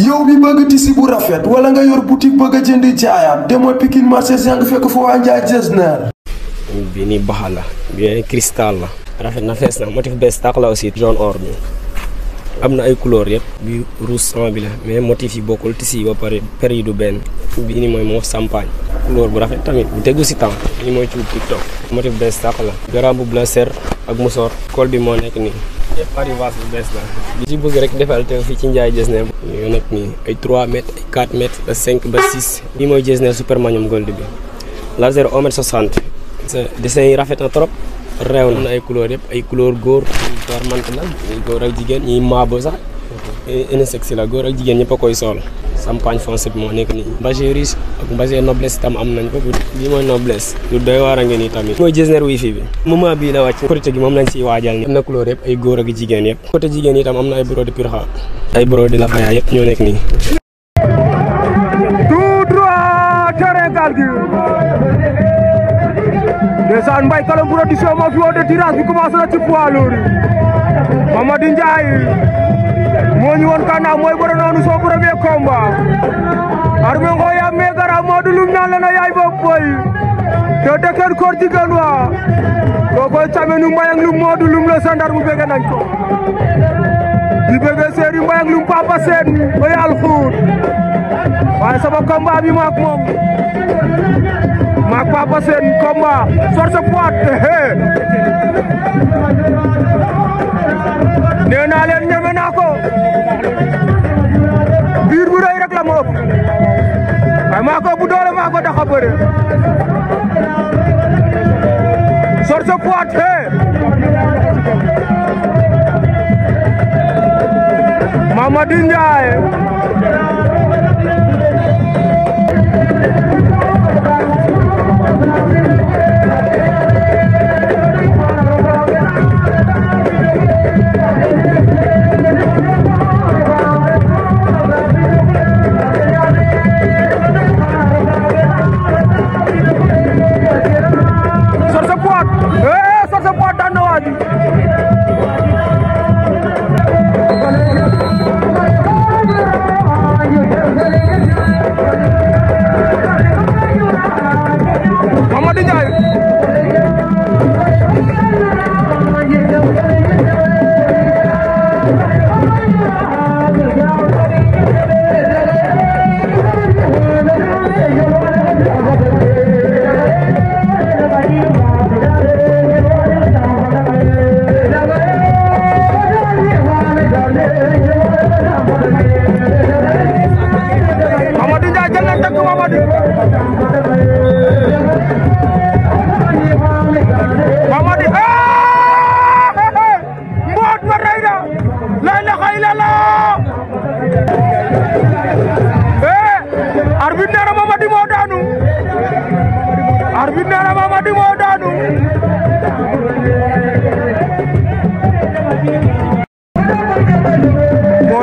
yow bi bëgg tisi bu rafet wala nga yor boutique bëgg a jënd jaayaat demal Pikine marché sànq fekk fa waa Njaay Jesner. bi ni baxa la. bien cristal la. rafet na fees na motif bees tàq la aussi. jaune or bi. am na ay couleur yëpp bi rouge sang bi la mais motif yi bokkul tissu yi ba pare per yi benn bi ni mooy moo champagne couleur bu rafet tamit bu tegu si temps ni mooy ci tiktok motif bees sax la garam bu la ser ak musoor col moo nekk nii yëpp arrivage bees la li ci bëgg rek defal te fii ci njaay jës ne yoo nii ay 3 mètres ay 4 mètres ba 5 ba 6 li mooy jës ne supermanium gold bi laser 1 mètre 60 dessin yi rafet na trop reew na ay couleur yëpp ay couleur góor góor mant la góor ak jigéen ñuy maabo sax unisex la góor ak jigéen ñëpp a koy sool champagne foncé bi moo nekk nii mbagé riche ak mbagé noblesse tam am nañ ko lii mooy noblesse lu doy waar a ngi nii tamit mooy jesner wifi bi moment bii la wàcc côté gi moom lañ siy waajal ni am na couleur yëpp ay góor ak jigéen yëpp côté jigéen yi tam ay brode pirxa ay brode la xayaa yëpp ñoo nekk nii tout droit terrain gaal ndeysaan Mbaye Kalom production moo fi woote tirage bi commencé na ci poids lourd Mamady Ndiaye moo ñu woon Kanda mooy bëre noonu son premier combat armé ngoo yaa mee gara moo di lum ñaan la na yaay boobu boy te dëkkeen koor jigéen waa koo koy camenu mbayang lum moo di lum la sandar mu bëgg nañ ko di bëgg seeri mbayang lum papa seen bay alxuur waaye sama combat bi maak moom maak Papa Sène combat force poids eh, eh. nee naa leen ñeme naa ko biir bu rëy rek la ma ëpp maa ko bu doole maa ko dax a bëre force poids eh. Mamady Ndiaye Thank you.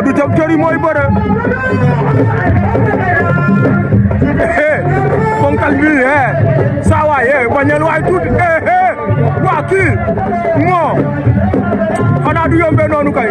Modou Diop Diori mooy bëre ponkal bi eh saa waay eh bañal waay tuuti eh waa kii moo xanaa du yombee noonu kay.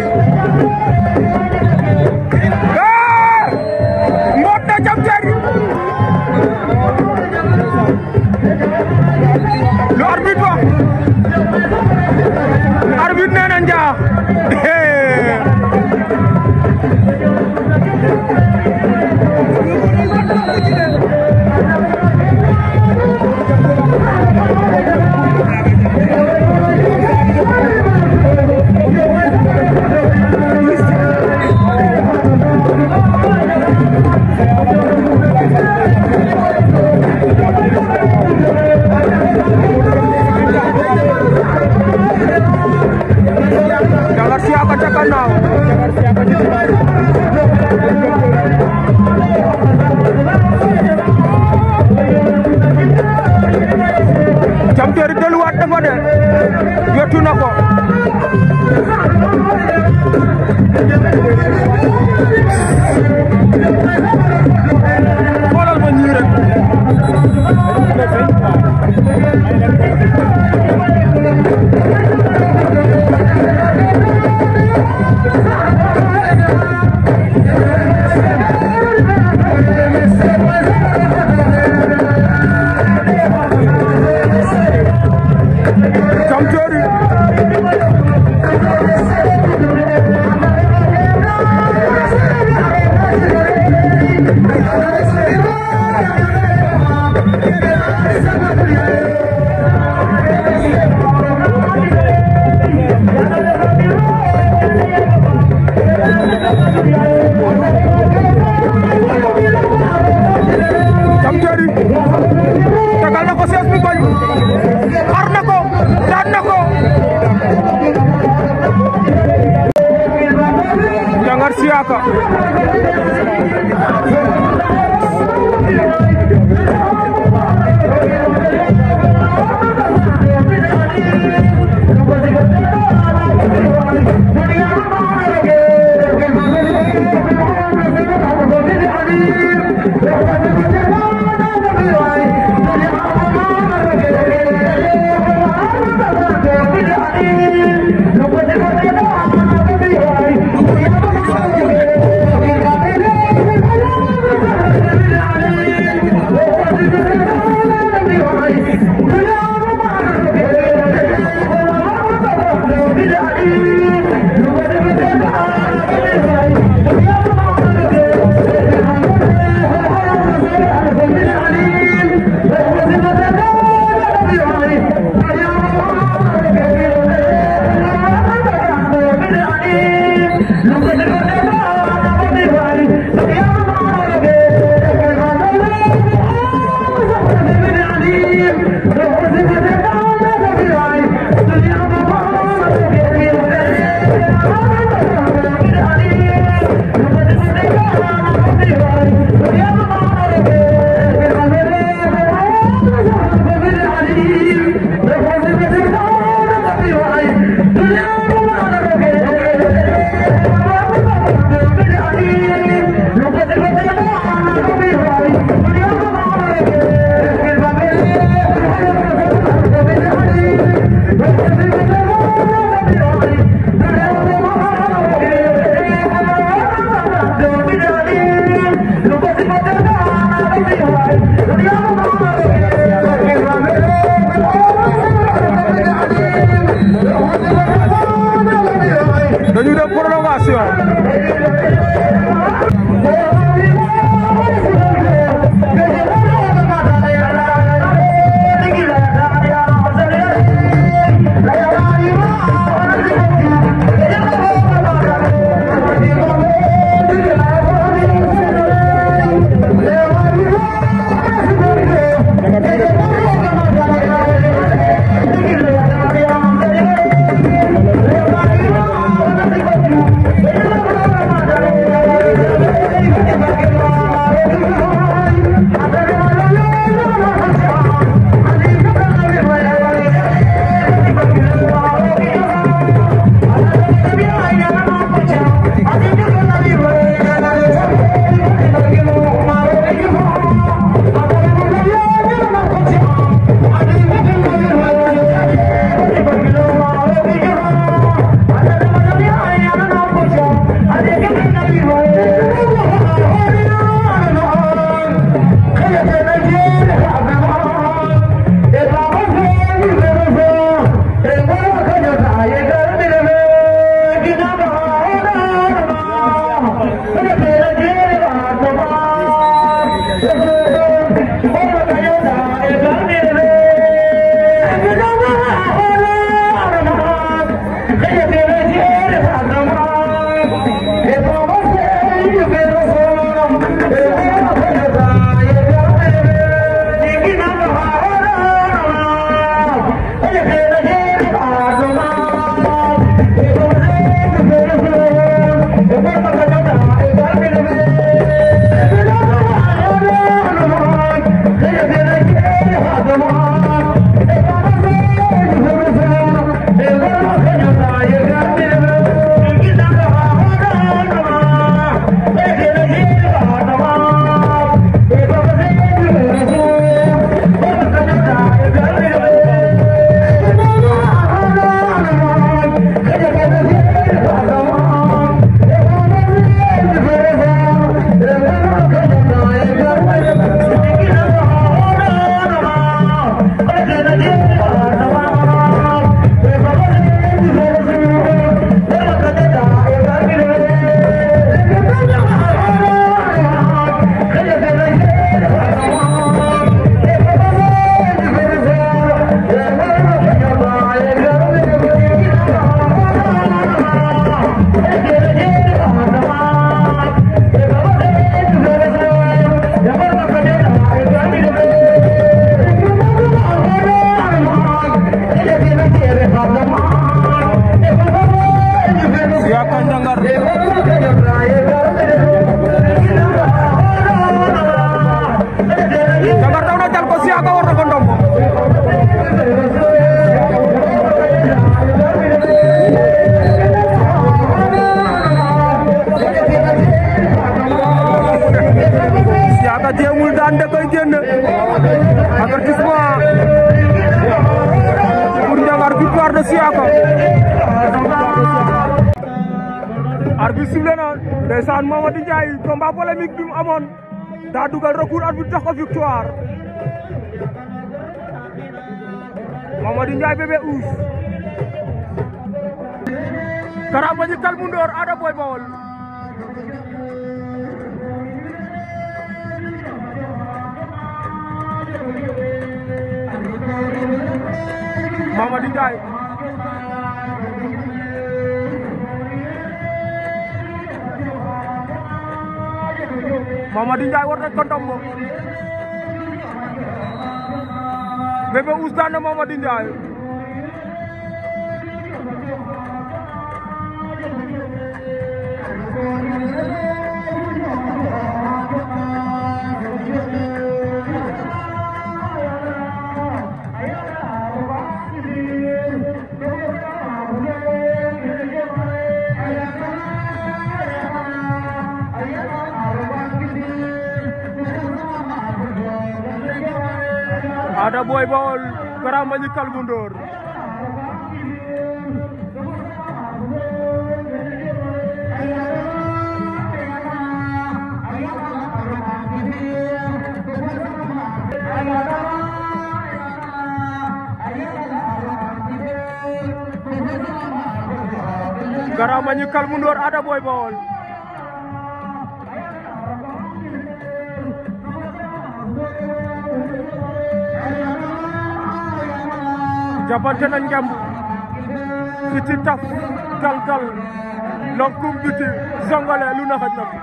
delluwaat na fa de jotu na ko Ndiaye bébé Ouz Karambaji Kalmundoor Ada Boy Bawol Mamadi Ndiaye Mamadi Ndiaye war na ko ndombo bébé daan na Mamadi ada boy ball garam Mbagnick mundur Garam menyekal mundur ada boy ball. jàppante nañ ngemb Siteu taf galgal lonkum biti zongole lu na xaj na fi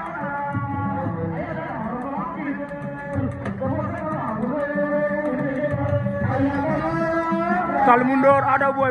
Kalmundoor Ada Boy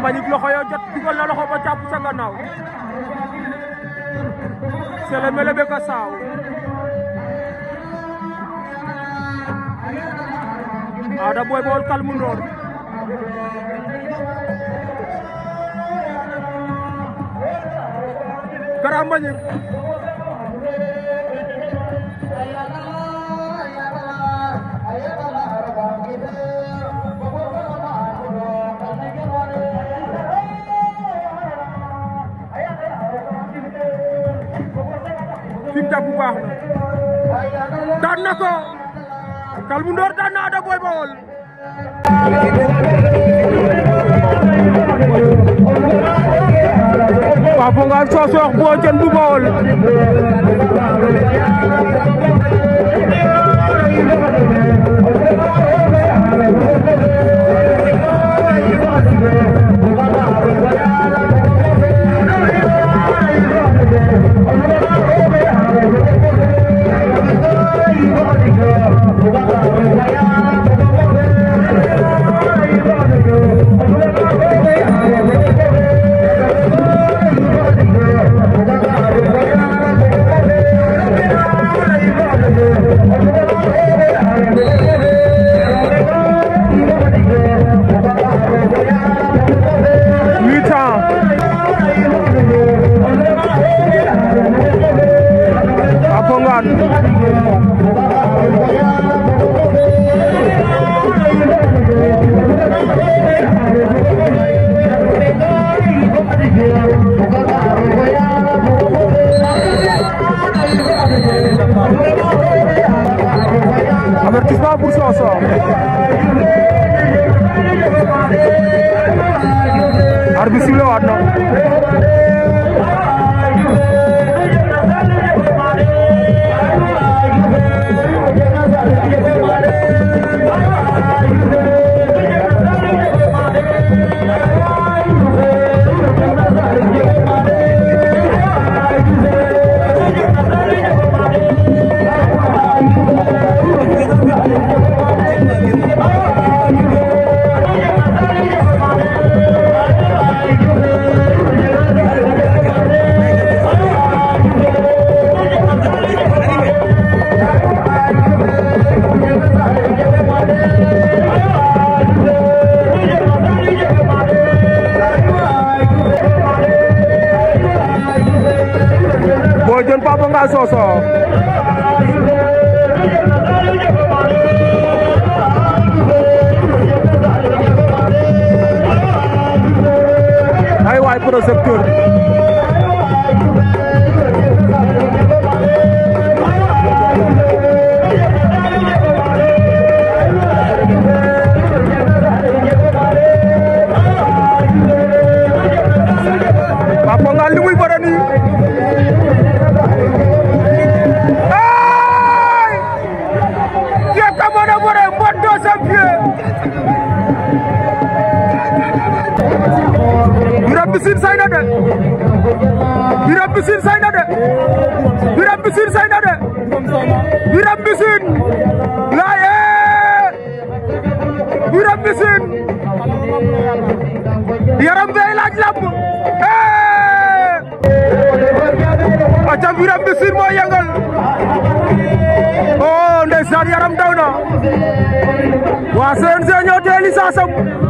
Mbagnick loxo yoo jot dugal ba càpp ca gannaaw Sélé Mélé be ko saaw Ada Boy Baol Calm Ndoor Grand Mbagnick lim jàpp bu baax la daan Ada Boy Baol Papa Mbissine say na de Birame Mbissine say na de Birame Mbissine laaye Birame Mbissine yaram bee laaj lamb eh aca Birame Mbissine moo yëngal oh ndeysaan yaram daw na waa CNG ñoo tee licence am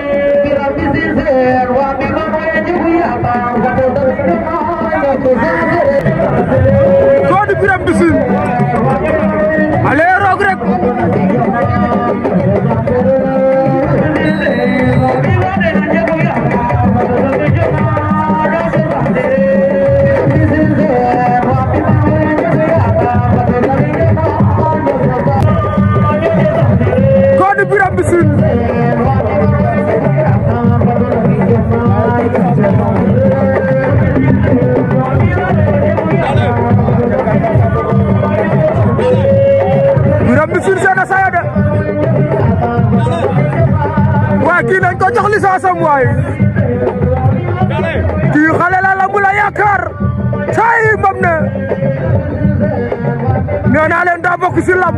Birame Mbissine na saya de waa kii nañ ko jox licence am waay kii xale la lamb la yaakaar saay ne nee naa leen daa bokk si lamb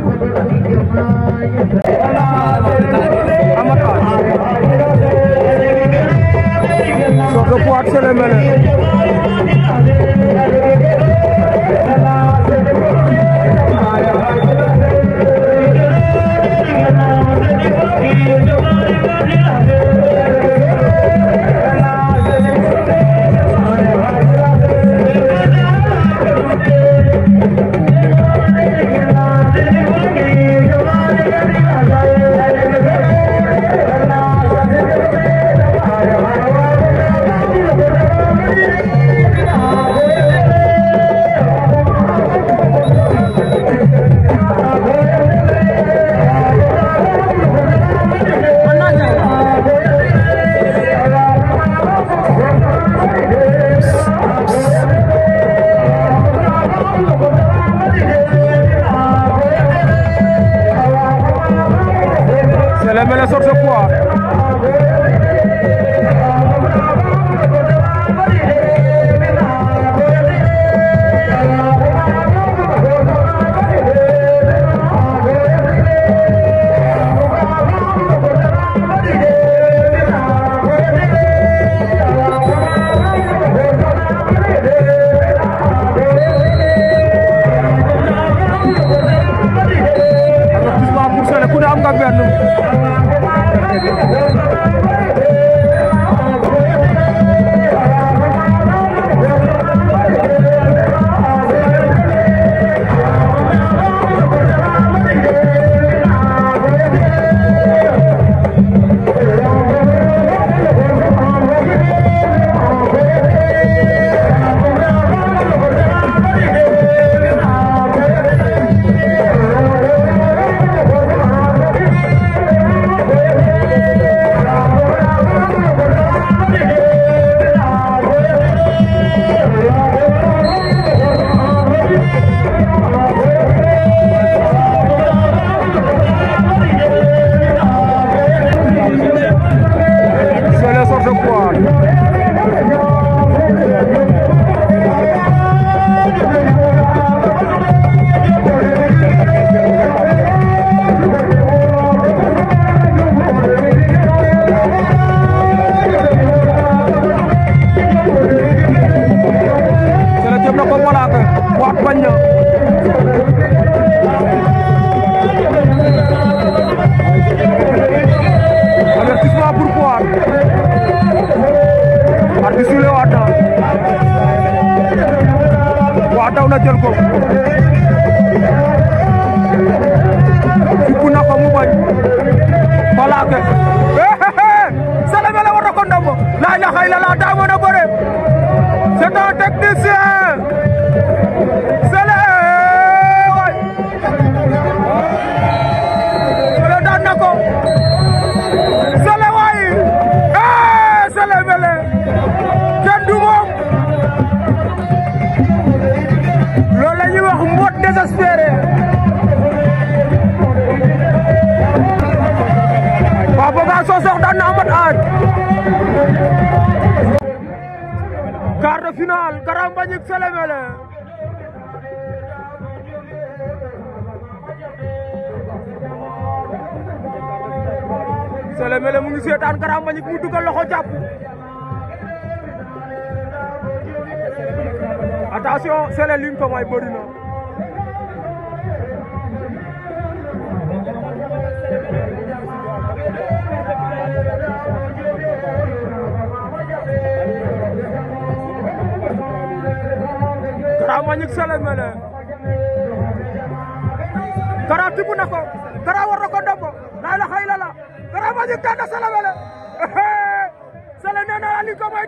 soo ko puwaat sele Sélé Mélé mu ngi seetaan Grand Mbagnick mu dugal loxo jàpp attention Sélé lim Kara tibb na Kara war waji tata sele wele sele nene ali ko moy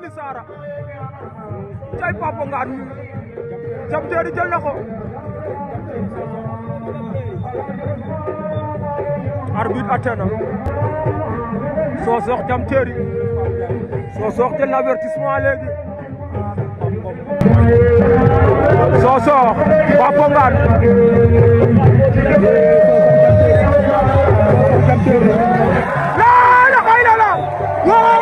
jinni saara cay papa jam teeri jël na ko arbitre jam teeri Sosokh jël na avertissement léegi Sosokh papa ngaan la la xayla la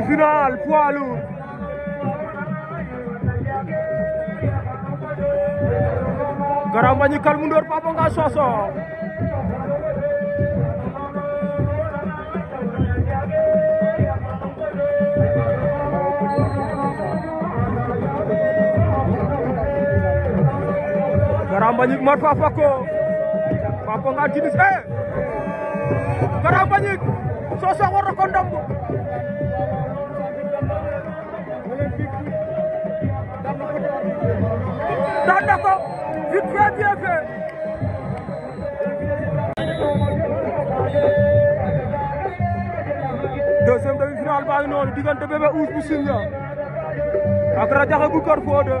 Final finale poids lourd. Garam mundur mundur nggak Sosok. Garam banyak papa kok, Papa nggak jenis eh. Garam banyak sosok orang kondom. daan na ko du très bien fait. deuxième demi-finale noonu diggante bu Sinja ak Radiakhé bu Kër Fodé.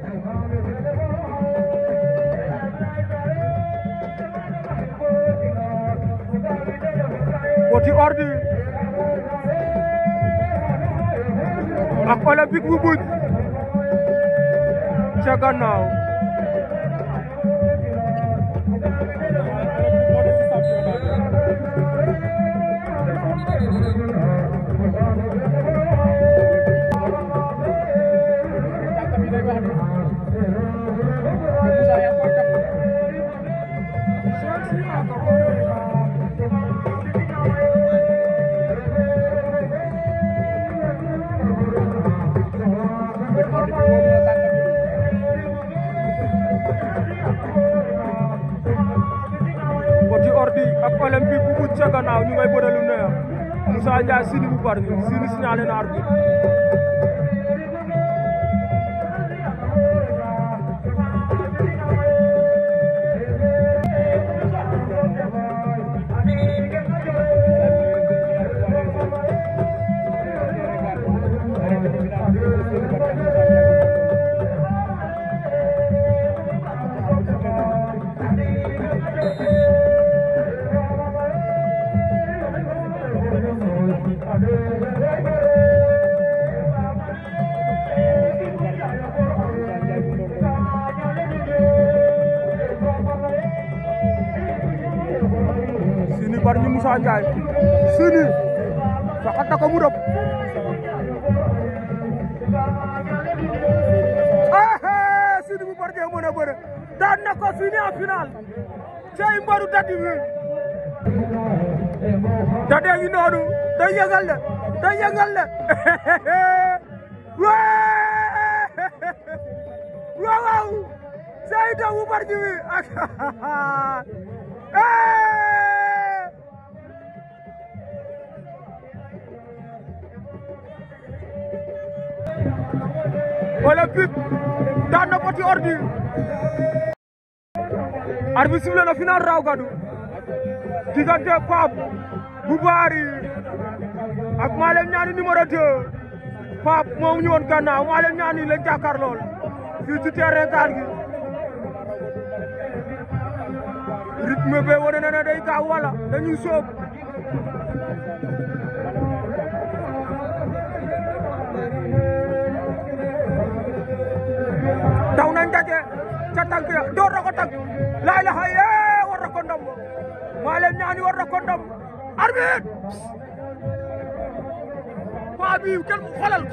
Petit Ordi ak Olympique bu ca gannaaw Petit Ordi ak Olympique bu mucc ca gannaaw ñu ngay bëre lu neex Moussa Ndiaye bu bari Sini signalé na arbitre Moustapha Ndiaye Siny faxat na ko mu rëb ah Siny bu Bombardier mën a bëre daan na ko Siny en final cey mbaru dadi wi dadee ngi noonu day yëngal le day yëngal le waaw waaw cey doomu Bombardier wi ak wala pit daan na ko ordi arbitre sifflé na final raw gadu diggante Pape bu Bari ak Malem Niani numéro 2 Pape moom ñëwoon gannaaw Malem Niani la jàkkaarlool fii ci terrain gaal gi rythme be wane ne day gaaw wala dañuy sóob daje ca tànk ya na ko tànk laa ilaha illa war na maa leen ñaani war na ko ndam arbitre paa mu xolal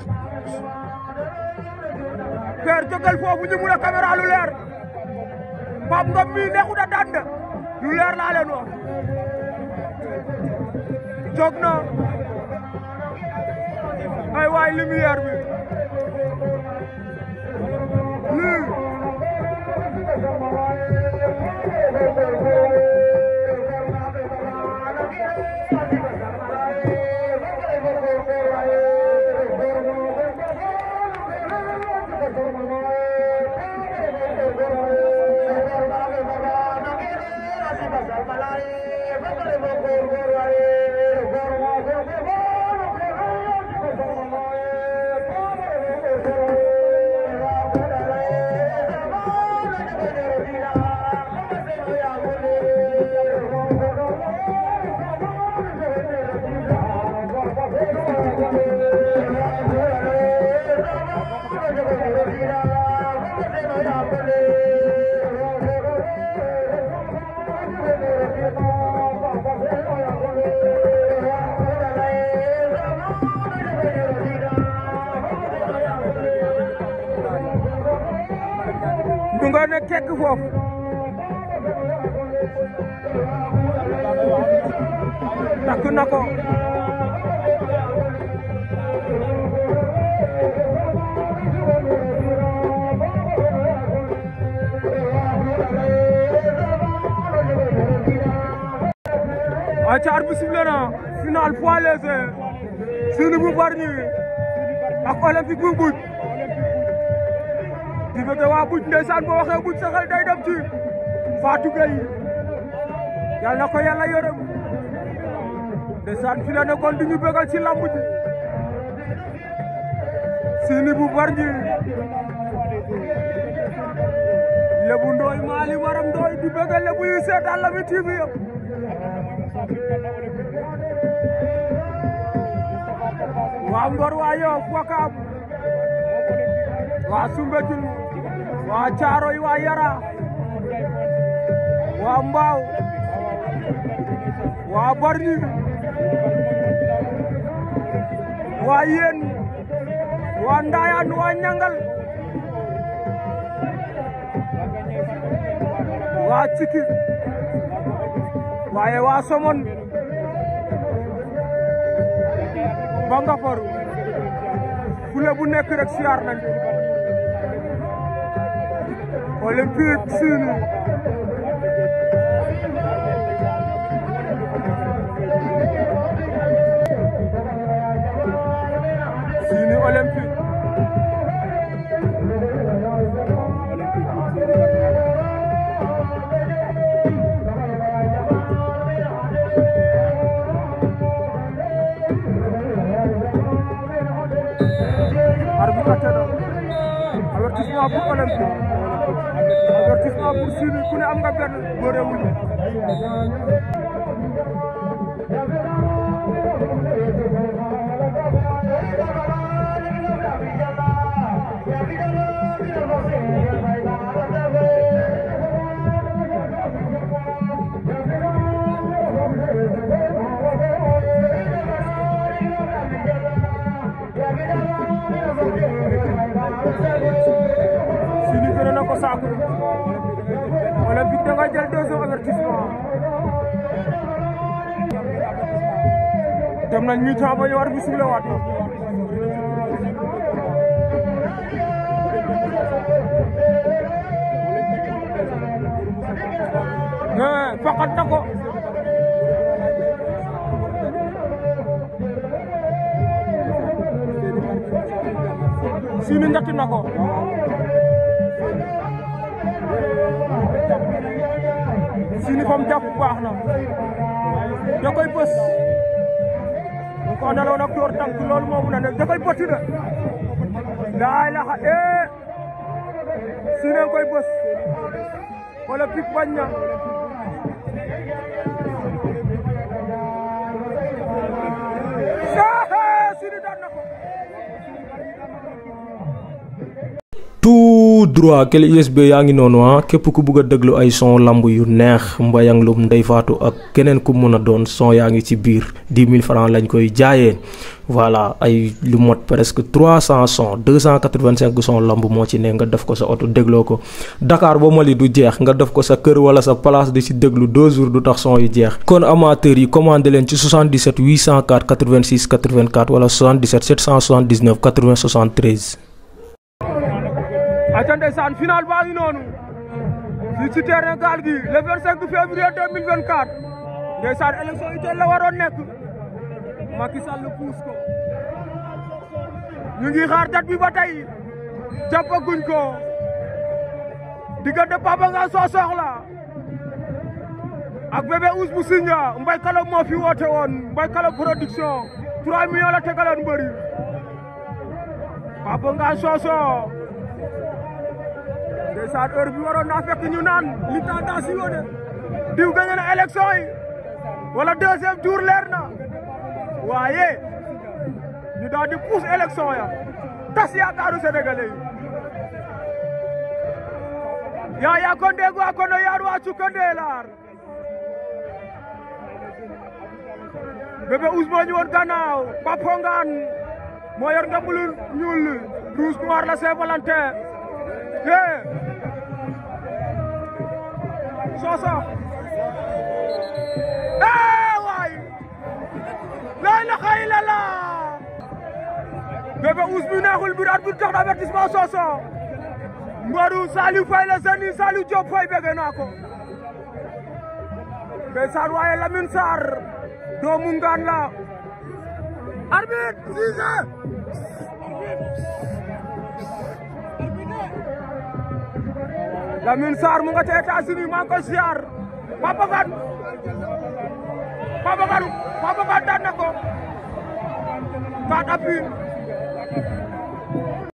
père jógal foofu ñu mun a caméra lu leer Pape Ngom mii neexut a de lu leer laa leen wax jóg na ay waay lumière bi ku ne kekk foofu takk na ko aca arbi sible na final poids léger Seny bu Bargny ak Olympique bu Mbouck diggante waa Buj ndeysaan boo waxee Buj sa xel day dem ci Fatou Gueye yal na ko yàlla yërëm ndeysaan fi la nekkoon di ñu bégal ci lamb ji Siny bu Bargny Lébu Ndoye Maly Maram Ndoye di bégal Lébu yi seetaan Lamyn TV yëpp waa Ngor waa Yoff Wakaam waa Soumbédioune waa Caaroy waa Yara waa Mbaaw waa Bargny waa Yeen waa Ndayane waa Ñangal waa Ciki waaye waa Somone ba fule bu nekk rek siyaar nañ Olympique Sine Sine Olympique Arbitre avertissement pour Olympique gis naa pour suivi ku ne am nga benn góore wuñu da nga dem nañ ñu temps ba ñu war bi suble waat eh, faqat na ko sini njëkk ko Siny fa mu jàpp baax na da koy bës bu ko daloon ak door tànk loolu moo mun ne da koy bëtt de laay laxa ee Siny koy bës wala pik bañ na droit kële USB yaa ngi noonu ah képp ku bugg déglu ay son lamb yu neex Mbayang Loum Ndeye Fatou ak keneen ku mun a doon son yaa ngi ci biir 10 000 francs lañ koy jaayee voilà ay lu mot presque 300 son 285 son lamb moo ci ne nga def ko sa oto dégloo ko Dakar ba Mali du jeex nga def ko sa kër wala sa place di ci déglu 2 jours du tax son yu jeex kon amateurs yi commandé leen ci 77 804 86 84 wala 77 779 aca ndeysaan final baa ngi noonu fii ci terrain Gaal Gui le 25 février 2024 ndeysaan élection yi teel la war nekk Macky Sall puus ko ñu ngi xaar date bi ba tey jàppaguñ ko diggante Papa Ngagne Sosokh la ak bébé Ousse bu Sinja Mbaye Kala moo fi woote woon Mbaye Kala production 3 millions la tegaloon mbëri Papa Ngagne Sosokh Desa heure bi waroon naa fekk ñu naan li tata si wone diw gañe na élection yi wala deuxième tour leer na waaye ñu daal di pousse élection ya tas yaakaaru sénégalais ya yaa yaa ko ndeegu a kono yaar waa cukkandee laar bébé Ousmane ñu woon rouge noir la Saint-Valentin Sossokh ee waay laa ilaaha illallaah Bébé Ouss bi neexul biir at bi tax na avertissement Sossokh Mbarou Saliou Faye la seni Saliou Diop Faye bëgg naa ko ndeysaan waaye Lamine Sarr doomu ngaan la arbitre siise Lamine Sarr mu nga ca États-Unis maa ngi koy ziar Papa Kane Papa Kane Papa Kane daan na ko quatre